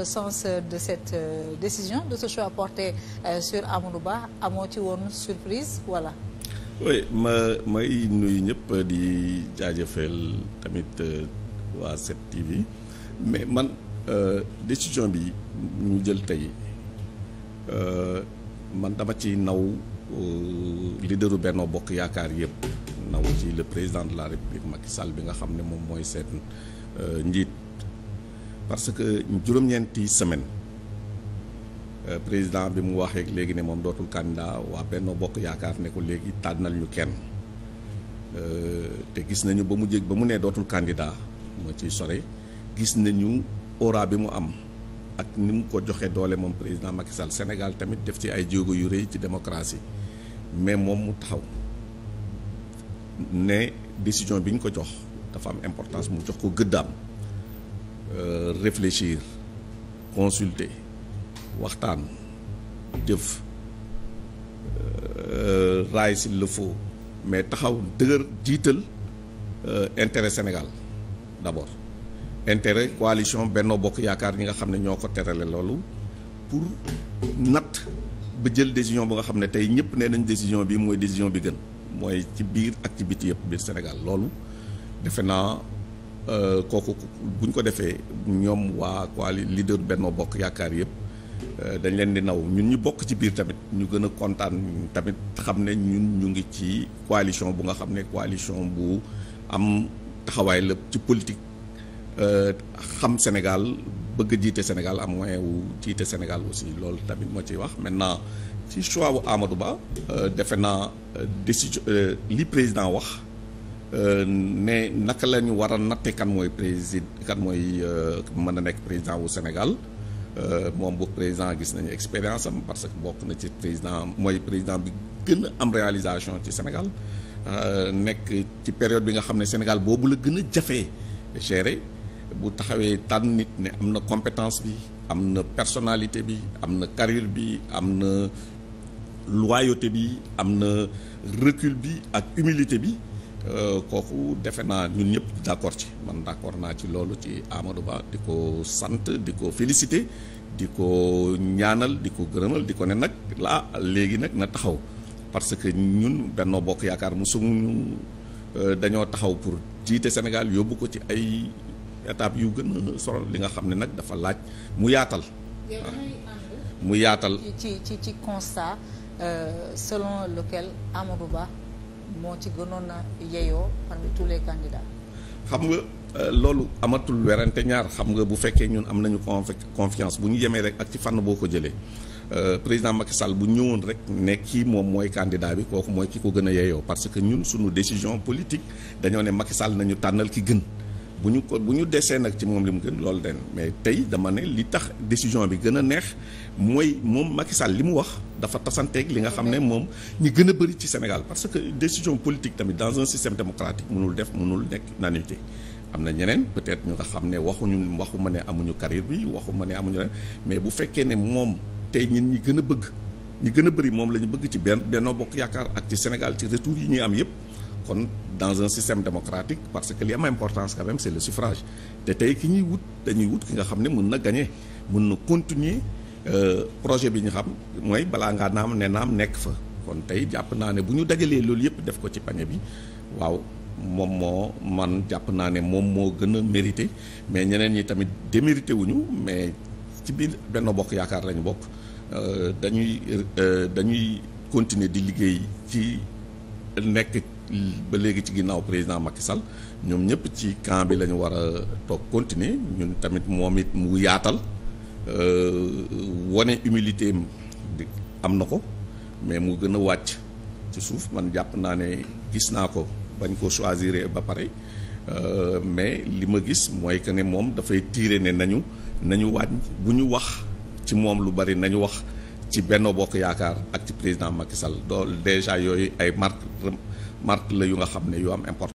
le sens euh, de cette euh, décision de ce choix porté euh, sur Amadou Ba amoo ci woon surprise voilà. oui ma may nuyu ñëpp euh, di jaajëfal tamit euh, waa 7TV mais man décision bi ñu jël tey man dama ci naw leaderu Benno Bokk Yaakaar yëpp naw ci le président de la République Macky Sall bi nga xam ne moom mooy seen njiit. parce que juróom-ñeenti semaine euh, président bi mu waxee léegi ne moom dootul candidat waa Benno Bokk Yaakaar ne ko léegi tànnal ñu kenn euh, te gis nañu ba mu jég ba mu nee dootul candidat moo ci sore gis nañu aura bi mu am ak ni mu ko joxe doole moom président Macky Sall Sénégal tamit def ci ay jéego yu rëy ci démocratie mais moom mu taxaw ne décision bi ñu ko jox dafa am importance mu jox ko gëddaam Euh, réfléchir consulter waxtaan jëf euh, raay si le faut mais taxaw dëgër jiital euh, intérêt Sénégal d'abord intérêt coalition Benno Bokk Yaakaar ñi nga xam ne ñoo ko terale loolu pour natt ba jël décision bu nga xam ne tey ñëpp nee nañ décision bi mooy décision bi gën mooy ci biir ak ci biti yëpp biir Sénégal loolu defe naa Euh, kooku buñ ko defee ñoom waa waa leader Benno Bokk Yaakaar yëpp euh, dañ leen di naw ñun ñu bokk ci biir tamit ñu gën a kontaan tamit xam ne ñun ñu ngi ci coalition bu nga xam ne coalition bu am taxawaay la ci politique euh, xam Sénégal bëgg jiite Sénégal am moyen wu jiite Sénégal aussi lool tamit moo ciy wax maintenant ci choix wu Amadou Ba defe naa décision li président wax ne euh, naka la ñu war a natte kan mooy président kan mooy euh, mën a nekk président wu Sénégal euh, moom bu président gis nañu expérience am parce que bokk na ci président mooy président bi gën a am réalisation ci Sénégal nekk ci période bi nga xam ne Sénégal boobu la gën a jafee gérer bu taxawee tànn nit ne am na compétence bi am na personnalité bi am na carrière bi am na loyauté bi am na recul bi ak humilité bi Euh, kooku defe naa ñun ñëpp d'accord ci man d'accord naa ci loolu ci Amadou Ba di ko sant di ko féliciter di ko ñaanal di ko gërëmal di ko ne nag laa ah, léegi nag na taxaw parce que ñun Benno Bokk Yaakaar mu suñu euh, dañoo taxaw pour jiite Sénégal yóbbu ko ci ay étapes yu gën a solo li nga xam ne nag dafa laaj mu yaatal. mu yaatal ci ci ci constat euh, selon lequel Amadou Ba. moo ci gënoon na yeyoo parmi tous les candidats. xam nga euh, loolu amatul werante ñaar xam nga bu fekkee ñun am nañu confiance bu ñu yemee rek ak ci fànn boo ko jëlee euh, président Macky Sall bu ñëwoon rek ne kii moom mooy candidat bi kooku mooy ki ko gën a yeyoo parce que ñun suñu décision politique dañoo ne Macky Sall nañu tànnal ki gën. bu ñu ko bu ñu desee nag ci moom li mu gën loolu den mais tey dama ne li tax décision bi gën a neex mooy moom Macky Sall li mu wax dafa tasanteeg li nga xam ne moom ñi gën a bëri ci Sénégal parce que décision politique tamit dans un système démocratique mënul def mënul nekk unanimité am na ñeneen peut-être ñu nga xam ne waxuñu waxuma ne amuñu carrière bi waxuma ne amuñu rek mais bu fekkee ne moom tey ñin ñi gën a bëgg ñi gën a bëri moom la ñu bëgg ci benn Benno Bokk Yaakaar ak ci Sénégal ci retour yi ñuy am yëpp kon dans un système démocratique parce que li am importance quand même c'est le suffrage te tey ki ñuy wut dañuy wut ki nga xam ne mën na gagner mën na continuer euh, projet bi ñu xam mooy balaa ngaa naam ne naam nekk fa kon tey jàpp naa ne bu ñu dajalee loolu yëpp def ko ci pañe bi waaw moom moo man jàpp naa ne moom moo gën a mérité mais ñeneen ñi tamit démérité wuñu mais ci biir Benno Bokk Yaakaar lañu bokk euh, dañuy euh, dañuy continuer di liggéey ci nekk ba léegi ci ginnaaw président Macky Sall ñoom ñëpp ci camp bi la ñu war a toog continuer ñun tamit moom it mu yaatal euh, wane humilité am na ko mais mu gën a wàcc ci suuf man jàpp naa ne gis naa ko bañ ko choisir ba pare euh, mais li ma gis mooy que ne moom dafay tiire ne nañu nañu wàññ bu ñu wax ci moom lu bari nañu wax ci Benno Bokk Yaakaar ak ci président Macky dool déjà yooyu ay marque marque la yu nga xam ne yu am importance